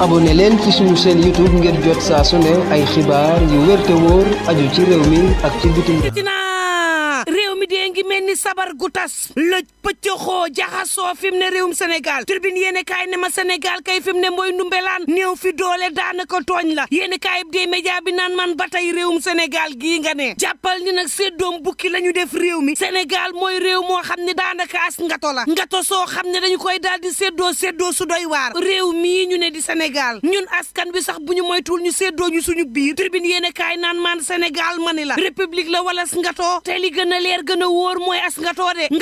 abone leen ci suñu chaîne YouTube ngir jot saa ne ay xibaar yu wér te wóor aju ci réew mi ak ci bitim réew mi dee ngi mel ni sabar gu tas pëccëxoo jaxasoo fi mu ne réewum Sénégal turbine yéen kaay ne ma senegal kay fi ne mooy ndumbelaan néew fi doole daanaka tooñ la yéen kaay bi naan man ba tey réewum Sénégal gii nga ne jàppal ni nag séddoom bukki la ñu def réew mi Sénégal mooy réew moo xam ne daanaka as ngato la ngato soo xam ne dañu koy daal di séddoo seddoo su doy waar réew mi ñu ne di Sénégal ñun askan wi sax bu ñu moytuwul ñu séddoo ñu suñu biir turbine yéen kaay naan man Sénégal ma la république la wala te li gën a leer gën a mooy as ngato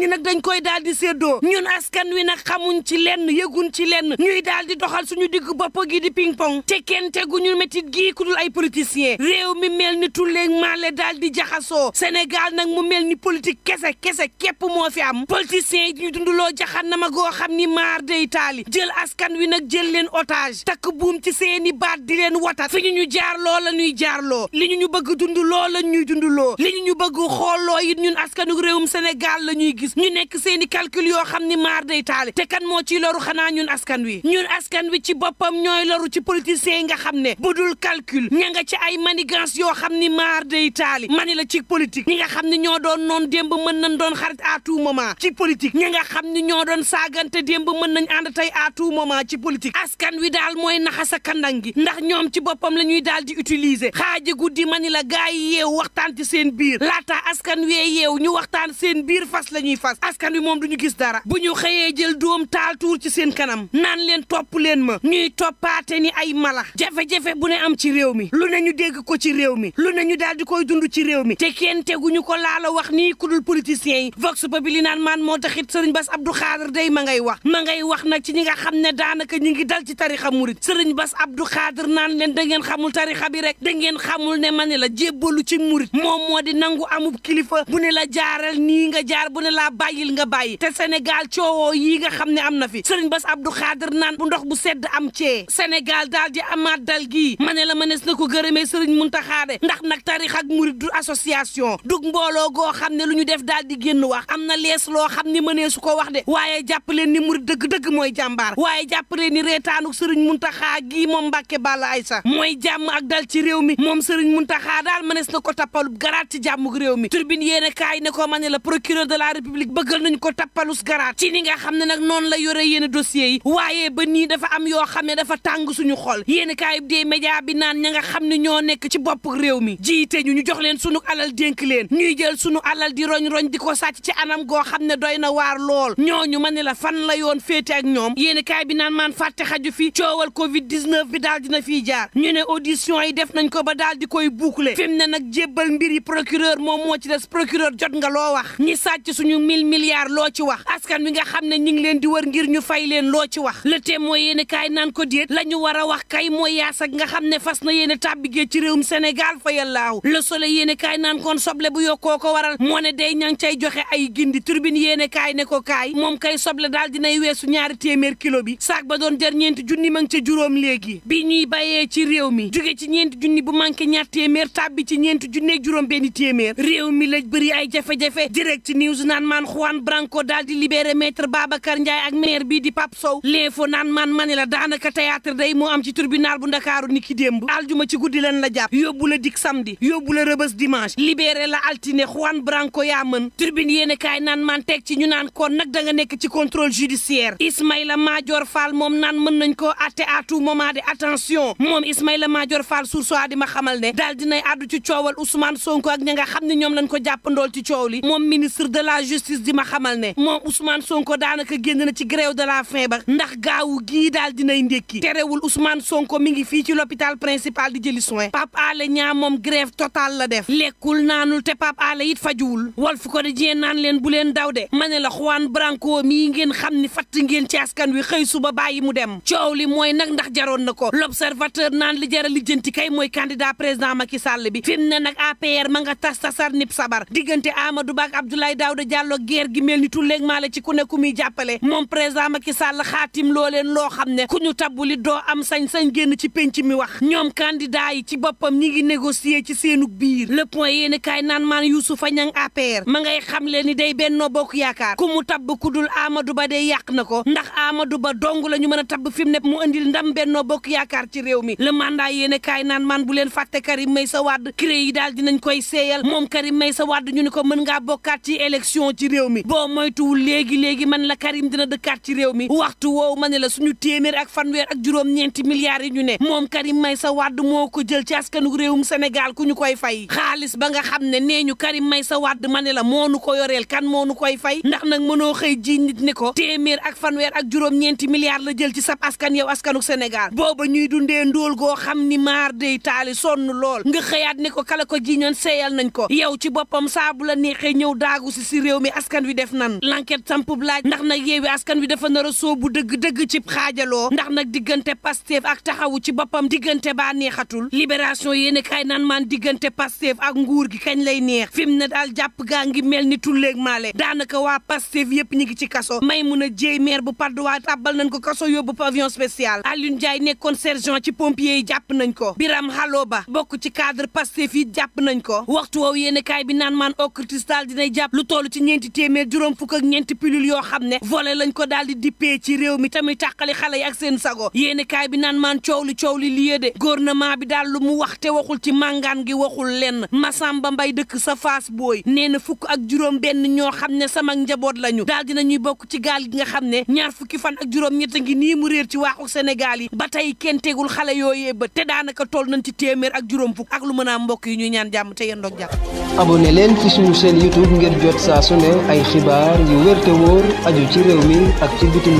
xam nag dañ koy daal di séddoo ñun askan wi nag xamuñ ci lenn yëguñ ci lenn ñuy daal di doxal suñu digg bopp gi di ping pong te kenn teguñu métit gii ku dul ay politiciens réew mi mel ni tulleeg maale daal di jaxasoo Sénégal nag mu mel ni politique kese kese képp moo fi am politiciens yi ñu dunduloo jaxan na ma goo xam ni maar day taali jël askan wi nag jël leen otage takk buum ci seeni baat di leen watat fi ñu ñu jaar loo la ñuy jaarloo li ñu ñu bëgg dund loo la ñuy dundloo li ñu ñu bëgg xoolloo it ñun askanu réewum Sénégal la ñuy gis gis ñu nekk seen i calcul yoo xam ni maar day taale te kan moo ciy loru xanaa ñun askan wi ñun askan wi ci boppam ñooy loru ci politiciens yi nga xam ne bu dul calcul nga ci ay manigance yoo xam ni maar day taali mani la ci politique ñi nga xam ne ñoo doon noon démb mën nañ doon xarit à tout moment ci politique ñi nga xam ne ñoo doon saagante démb mën nañ ànd tey à tout moment ci politique askan wi daal mooy naxasa kandang gi ndax ñoom ci boppam la ñuy daal di utiliser xaaji guddi mani la gaay yi yeew waxtaan ci seen biir laata askan wee yeew ñu waxtaan seen biir fas ñuy fas askan wi moom du ñu gis dara bu ñu xëyee jël doom taal tuur ci seen kanam naan leen topp leen ma ñuy toppaate ni ay mala jafe-jafe bu ne am ci réew mi lu ne ñu dégg ko ci réew mi lu ne ñu daal di dund ci réew mi te kenn teguñu ko laala wax nii ku dul politiciens yi vox populi naan maan moo taxit sëriñ Bass Abdou Khadre day ma ngay wax ma ngay wax nag ci ñi nga xam ne daanaka ñi ngi dal ci tarixa murit sëriñ Bass Abdou Khadre naan leen da ngeen xamul tarixa bi rek da ngeen xamul ne ma ne la jébbalu ci murit moom moo di nangu amub kilifa bu ne la jaaral nii nga jaar bu laa bàyyil nga bàyyi te Sénégal coowoo yi nga xam ne am na fi Serigne Bass Abdou Khadir naan bu ndox bu sedd am cee Sénégal daal di amaat dal gii ma ne la mënees na ko gërëmee Serigne Mountakha de ndax nag tarix ak murid du dug mbooloo goo xam ne lu ñu def daal di génn wax am na lees loo xam ni mënee su ko wax de waaye jàpp leen ni murid dëgg-dëgg mooy jàmbaar waaye jàpp leen ni reetaanuk Serigne Mountakha gii moom Mbàkke Balla sax mooy jàmm ak dal ci réew mi moom Serigne Mountakha daal mënees na ko tappalub garaat ci jàmmuk réew mi turbine yéene kaay ne ko république bëggal nañ ko tappalus garaat ci ni nga xam ne nag noonu la yore yenn dossiers yi waaye ba nii dafa am yoo xam ne dafa tàng suñu xol yéen kaayub dee média bi naan ña nga xam ne ñoo nekk ci bopp réew mi jiite ñu ñu jox leen sunu alal dénk leen ñuy jël sunu alal di roñ-roñ di ko sàcc ci anam goo xam ne doy na waar lool ñooñu ma ne la fan la yoon féete ak ñoom yéen kaay bi naan maan fàtte xaju fi coowal covid 19 bi daal dina fi jaar ñu ne audition yi def nañ ko ba daal di koy boucler fi mu ne nag jébbal mbir yi procureur moom moo ci des procureur jot nga loo wax ñi ñu mille milliards loo ci wax askan wi nga xam ne ñu ngi leen di war ngir ñu fay leen loo ci wax le témoin mooy yéen kaay naan ko déet la ñu war a wax kay mooy yaas ak nga xam ne fas na yéen tàbbi géej ci réewum Sénégal fa yàllaahu la soleil yéen kaay naan kon soble bu yokkoo ko waral moo ne day ñang cay joxe ay gindi turbine yéen kaay ne ko kaay moom kay soble daal dinay weesu ñaari téeméer kilo bi saak ba doon jar ñeenti junni ma ngi ca juróom léegi bi ñuy bayee ci réew mi jóge ci ñeenti junni bu manqué ñaar téeméer tàbbi ci ñeenti junneeg juróom benn téeméer réew mi laj bëri ay jafe-jafe man Juan Branco daal di libéré maître ma ne la daanaka théâtre day moo am ci tribunal bu ndakaaru niki démb aljuma ci guddi leen la jàpp yóbbu la dik samedi la rëbës dimanche libéré la altine Juan Branco yaa mën ci ñu naan kon nag da nga nekk ci contrôle judiciaire Ismaïla Madior Fall moom naan mën nañ koo atte à tout moment de attention moom Ismaïla Madior Fall sur soi di ma xamal ne daal dinay àddu ci coowal Ousmane Sonko ak ña nga xam ne ñoom lañ ko jàppandool ci coow moom ministre de la justice justice di ma xamal ne moom Ousmane Sonko daanaka génn na ci grève de la faim ba ndax gaawu gii daal dina dinay ndékki terewul Ousmane Sonko mi ngi fii ci l'hôpital principal di jëli soin Pape Alé Niang moom grève totale la def lekkul naanul te Pape Alé it fajuwul Walf Quotidien naan leen bu leen daw de ma ne la Juan Branco mii ngeen xam ni fatt ngeen ci askan wi xëy suba bàyyi mu dem coow li mooy nag ndax jaroon na ko l'observateur naan li jara lijjanti kay mooy candidat président Macky Sall bi fi mu ne nag APR ma nga tas tasar nip sabar diggante Amadou Ba ak loo guerre gi mel ni tulleeg maa la ci ku ne ku muy jàppale moom président Macky Sall xaatim loo leen loo xam ne ku ñu li doo am sañ-sañ génn ci penc mi wax ñoom candidat yi ci boppam ñi ngi négocier ci seenug biir le point yéeni kaay naan maan Youssoufa Niang APR ma ngay xam leen ni day Benno Bokk Yaakaar ku mu tabb ku dul Amadou Ba day yàq na ko ndax Amadou Ba dong la ñu mën a tabb fi mu ne mu indil ndam Benno Bokk Yaakaar ci réew mi le mandat yéeni kaay naan maan bu leen fàtte Karim Meïssa Wade cré yi daal dinañ koy seeyal moom Karim Meïssa Wade ñu ni ko mën ngaa bokkaat ci élection ci réew mi boo moytuwul léegi-léegi man la Karim dina dëkkaat ci réew mi waxtu woowu ma ne la suñu téeméer ak fanweer ak juróom-ñeenti yi ñu ne moom Karim Meïssa Wade moo ko jël ci askanu réewum Sénégal ku ñu koy fay xaalis ba nga xam ne nee ñu Karim Meïssa Wade ma ne la moo nu ko yoreel kan moo nu koy fay ndax nag mënoo xëy ji nit ne ko téeméer ak fanweer ak juróom-ñeenti milliards la jël ci sab askan yow askanu Sénégal booba ñuy dundee ndool goo xam ni maar day taali sonn lool nga xëyaat ne ko kala ko jiñoon seeyal nañ ko yow ci boppam saabu la neexee ñëw daagu si si réew mi yeewi askan wi def nan l'enquête sampub laaj ndax nag yeewi askan wi dafa nar a soo bu dëgg-dëgg ci xaajaloo ndax nag diggante Pastef ak taxawu ci boppam diggante baa neexatul libération yéen kaay nan maan diggante Pastef ak nguur gi kañ lay neex fi mu ne daal jàpp gaa ngi mel ni tulleeg maale daanaka waa Pastef yëpp ñu ngi ci kaso may mun a jéey maire bu padduwaa tàbbal nañ ko kaso yóbbu pavillon spécial Alioune Ndiaye nekkoon sergent ci pompier yi jàpp nañ ci cadre jàpp nañ ko waxtu woowu yéen kaay bi naan ñeenti téeméer juróom fukk ak ñeenti pilule xam ne volé ko daal di dippee ci réew mi tamit tàqali xale yi ak seen sago yéeni kaay bi naan maan coow li li liyee de gouvernement bi daal lu mu wax te waxul ci màngaan gi waxul lenn Masamba Mbay dëkk sa faas booy nee na fukk ak juróom benn ñoo xam ne sama njaboot lañu daal dina ñuy bokk ci gaal gi nga xam ne ñaar fukki fan ak juróom ñett ngi nii mu réer ci waaxu Sénégal yi ba tey kenn tegul xale yooyee ba te daanaka toll nañ ci téeméer ak juróom fukk ak lu mën a mbokk yi ñuy ñaan jàmm te yendoog jàmm abonné su ne ay xibaar yu wér te wóor aju ci réew mi ak ci bitim